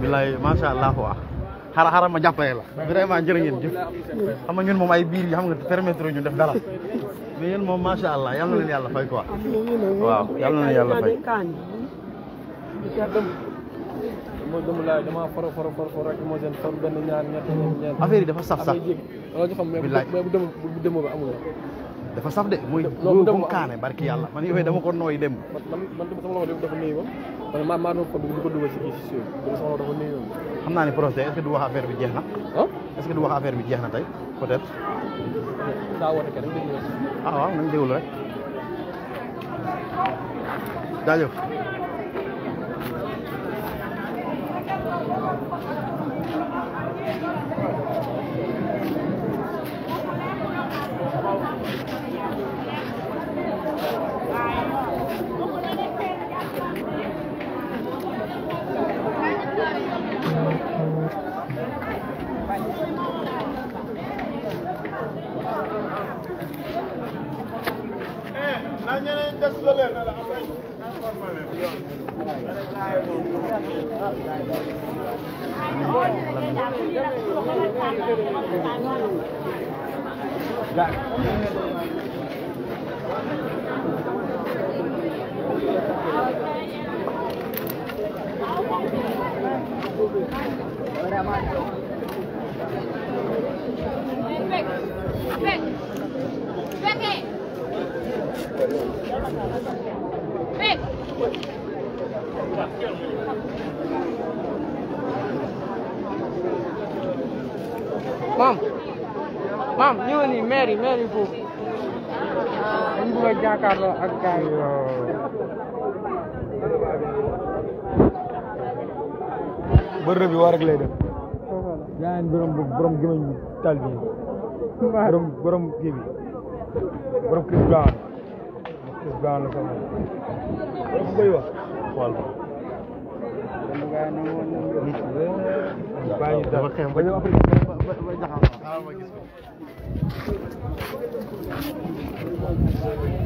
bilai masyaallah allah wa hara hara ma jàppale la vraiment jërë ngeen jëf ñun moom ay biir yi xam nga permettre ñu def dara mais yéen moom allah leen fay quoi waaw leen fay dafa saf de muy buum kaane barki yalla man yoy dama ko noy dem man dama sama loxo dafa nuyu man ma maa doon ko dugg ko dugal ci ci si dama sama dafa nuyu xamna ni projet est ce du wax affaire bi jeex na est ce du wax affaire bi jeex tay peut être da wone ke déglu ah waaw nañ deewul rek jaajëf Dạ. Mom, Mom, you and me, Mary, Mary, boo. Ang buhay niya ka, ang bër bi war rek lay def yaa ngi borom borom gémañ tal bi borom borom kii bi borom Chris Brown Chris Brown la ko moom borom koy wax xool bàyyi dafa xeex ba ñëw après ba jaxam xaaral ma gis ko